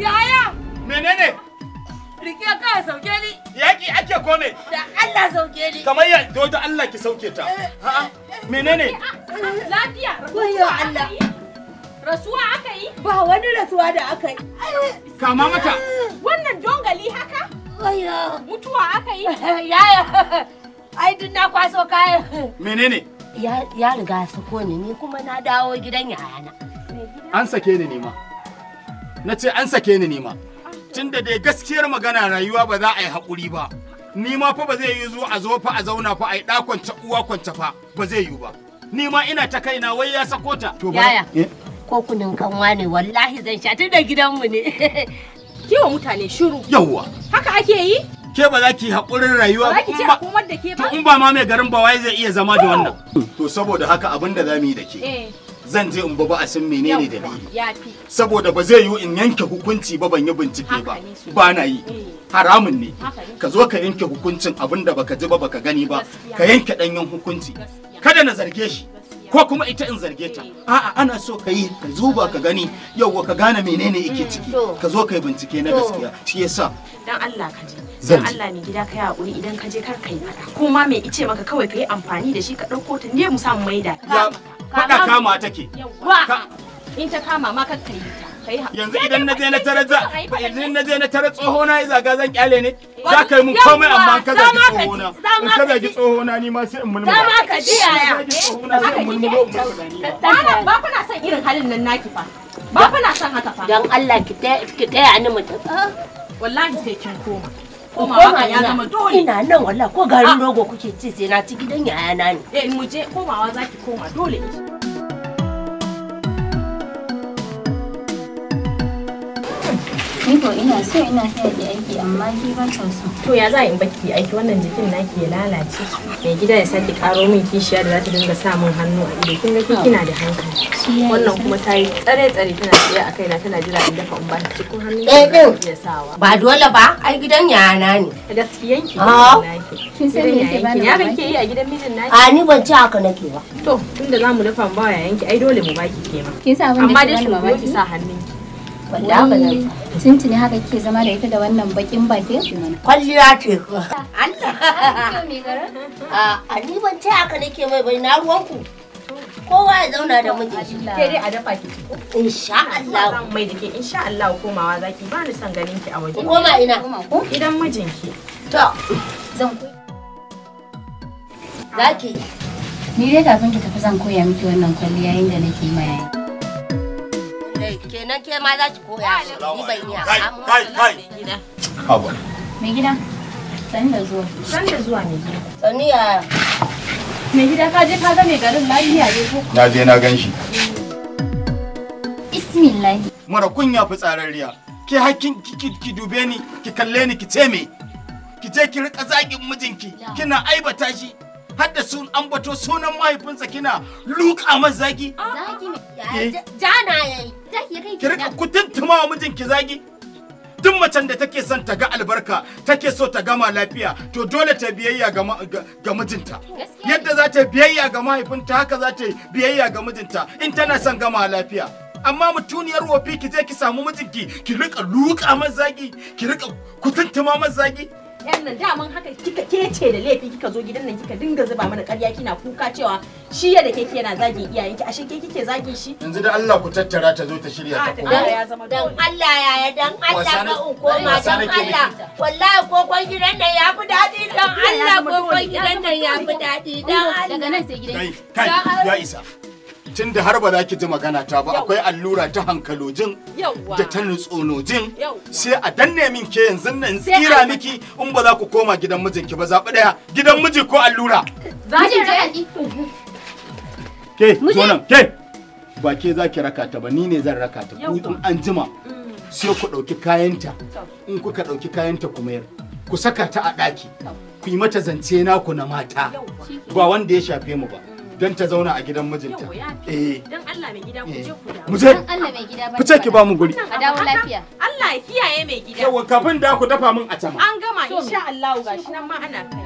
Yaya! Menene? Rike kawai sauke ni. yaki ake ko ne? Da Allah sauke ni. Kamar ya to da Allah ki sauke ta. Eh, A'a. Menene? Lafiya. Wayyo Allah. Rasuwa aka yi? Ba wani rasuwa da aka yi. Kama mata. Wannan dongali haka? Wayyo. Mutuwa aka yi? Yaya. Ai duk na kwaso kayan. Menene? Ya riga su ko ni ni kuma na dawo gidan yayana. An sake ni nima. Na ce an sake ni nima. Tun da dai gaskiyar magana rayuwa ba za a yi haƙuri ba. Ni ma fa ba zai yi zuwa a zo fa a zauna fa a yi ɗakwance uwa kwanta fa ba zai yi ba. Ni ma ina ta kaina wai ya sako ta. Yaya. Eh? Ko kunin kanwa ne wallahi zan sha tun da gidanmu ne. Kiwa mutane shiru. Yawwa. Haka ake yi? ke ba za ki haƙurin rayuwa ba in ba ma mai garin ba wai zai iya zama da oh. wannan to saboda haka abin da za mu yi da ke eh. zan je in ba ba a san menene dalili saboda ba zai yiwu in yanke hukunci ba ban yi bincike ba ba na yi eh. haramun ne ka zo ka yanke hukuncin abin da baka ji ba baka gani ba ka yanke danyen hukunci kada na zarge shi ko kuma ita in zarge ta eh. a'a ana so ka yi ka zuba ka gani yauwa ka gane menene yake mm, ciki ka zo ka yi bincike na gaskiya shi yasa dan Allah ka ji dan Allah ne gida kai hakuri idan ka je kar kai fada kuma me ice maka kawai ka yi amfani da shi ka dauko ta ne mu samu maida faɗa kama take in ta kama ma kakka yi ta yanzu idan na je na tare za idan na je na tare tsoho na zaga zan kyale ne za ka yi mun komai amma ka zagi tsoho na in ka zagi tsoho na ni ma sai in mulmula ba ka ji yaya dana ba kuna son irin halin nan naki fa ba kuna son haka fa dan Allah ki taya ni mutum wallahi sai kin koma komawa ya zama dole ina nan wallahi ko garin ah. rogo kuke ci sai na ci gidan yayana ne eh mu je komawa zaki koma dole to ina so ina taya aiki amma ki ba ta so. To ya za in baki aiki wannan jikin naki ya lalace. Mai gida ya saki karo min kishiya da za ta dinga sa min hannu a ido. Kin ga kina da hankali. Wannan kuma ta yi tsare tsare tana tsaye a kaina tana jira in dafa in ba ta cikin hannu. Eh din. Ya Ba dole ba ai gidan yana ne. Gaskiyan ki. Ah. Kin san me yake bani. Ya ke yi eh, a gidan mijin naki? A ah, ni ban ci haka nake ba. To tunda zamu dafa mu ba yayanki ai dole mu baki ke ma. Kin san abin da ke bani mamaki. Amma dai ki sa Wanda ba nan. Tuntuni haka ke zama da ita da wannan bakin bakin? Kwalliya ce kuwa. Allah. A ni ban ce haka nake mai bai na ruwanku. Kowa ya zauna da miji. Ke dai a dafa ki ko? Insha Allah. Zan mai da ke insha Allah komawa zaki ba ni son ganin ki a waje. Koma ina. Gidan mijinki. To. Zan Zaki. Ni dai kafin ki tafi zan koya miki wannan kwalliya inda nake ma yayi. sannan ke ma za ki koya shi ni ban iya kai kai gida haba mai gida san da zuwa san da zuwa mai gida saniya mai gida ka je ka ga mai garin lafiya ne ko na je na gan shi bismillah mara kunya fitsararriya ke hakkin ki dube ni ki kalle ni ki ce me ki je ki rika zagin mijinki kina aibata shi har da sun ambato sunan mahaifinsa kina luka man zagi ah, zagi ne ah. eh. jana yayi ki rika kutuntuma wa mijinki zagi duk macen da take son ta ga albarka take so ta gama lafiya to dole ta biyayya ga mijinta yadda za ta biyayya ga mahaifinta haka za ta biyayya ga mijinta in tana son gama lafiya amma mutuniyar wofi ki je ki samu mijinki ki rika luka zagi ki rika kutuntuma mazagi zagi yan nan daman haka kika kece da laifi kika zo gidan nan kika dinga zuba mana ƙarya kina kuka cewa shi ya da keke yana zagin iyayenki ashe ke kike zagin shi yanzu da Allah ku tattara ta zo ta shirya ta ah, kuma. dan Allah yaya dan Allah ka un koma dan Allah wallahi kokon gidan nan ya fi daɗi dan Allah kokon gidan nan ya fi daɗi dan Allah daga nan sai gidan kai ya isa tunda har ba za ki ji magana ta ba akwai allura ta hankalojin da ta nutsonojin sai a danne min ke yanzu nan tsira miki in ba za ku koma gidan mijinki ba zaɓi ɗaya gidan miji ko allura. Ke, sonan, ke, ba ke za ki raka ta ba ni ne zan raka ta in an jima mm. sai ku ɗauki kayanta in kuka ɗauki kayanta ku mayar ku saka ta a ɗaki ku yi mata zance naku na mata ba wanda ya shafe mu ba. don ta zauna a gidan mijinta. Eh. Don Allah mai gida ku je ku dawo. Mu je. Don Allah mai gida ba. Ku ce ki ba mu guri. A dawo lafiya. Allah ya kiyaye mai gida. Yawwa kafin da ku dafa min a cama. An gama insha Allah gashi nan ma ana kai.